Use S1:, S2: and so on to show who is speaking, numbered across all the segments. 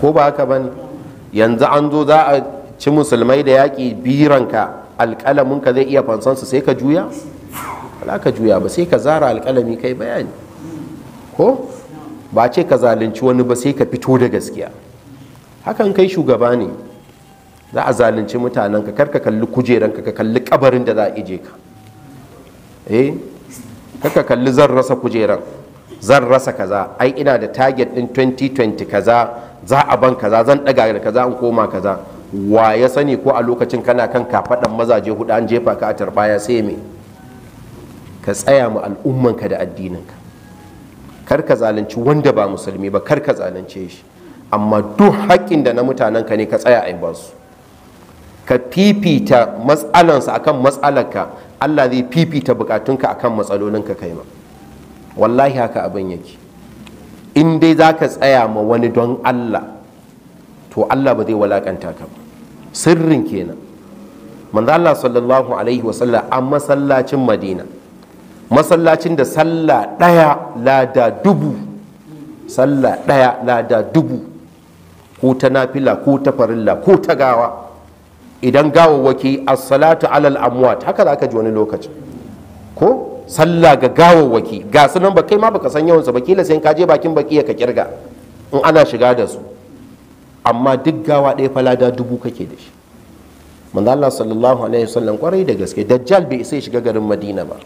S1: ko ba haka bane yanzu an zo za a ci musulmai da yaƙi biranka ka zai iya fansansu sai ka juya ba ka juya ba sai ka zara alƙalami kai bayani ko ba ce ka zalunci wani ba sai ka fito da gaskiya hakan kai shugaba ne za a zalunci mutanen ka karka kalli kujeran ka kalli kabarin da za a ije ka eh karka kalli zan rasa kujeran zan rasa kaza ai ina da target din 2020 kaza za a ban kaza zan daga da kaza an koma kaza wa ya sani ko a lokacin kana kan kafadan mazaje hudu an jefa ka a tarbaya sai me ka tsaya mu al'ummanka da addinin ka kar ka zalunci wanda ba musulmi ba kar ka zalunce shi amma duk haƙƙin da na mutanen ka ne ka tsaya a ba su ka fifita matsalansa akan matsalarka Allah zai fifita bukatunka akan matsalolinka kai ma wallahi haka abin yake in dai za ka tsaya ma wani don Allah to Allah ba zai walakanta ka ba sirrin kenan manzo Allah sallallahu alaihi wasallam a masallacin Madina masallacin da sallah ɗaya lada dubu sallah ɗaya lada dubu ko ta nafila ko ta farilla ko ta gawa idan gawawwaki as-salatu alal amwat haka za ka ji wani lokacin ko sallah ga gawawwaki ga sunan ba kai ma baka san yawansa ba kila sai ka je bakin baki ka kirga in ana shiga da su amma duk gawa ɗaya falada dubu kake da shi manzo Allah sallallahu alaihi wasallam kwarai da gaske dajjal bai isa shiga garin Madina ba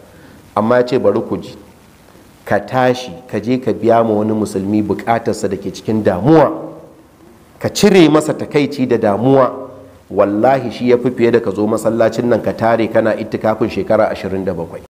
S1: amma ya ce bari ku ji ka tashi ka je ka biya ma wani musulmi bukatarsa da ke cikin damuwa ka cire masa takaici da damuwa wallahi shi ya fi fiye da ka zo masallacin nan ka tare kana ittikafin shekara 27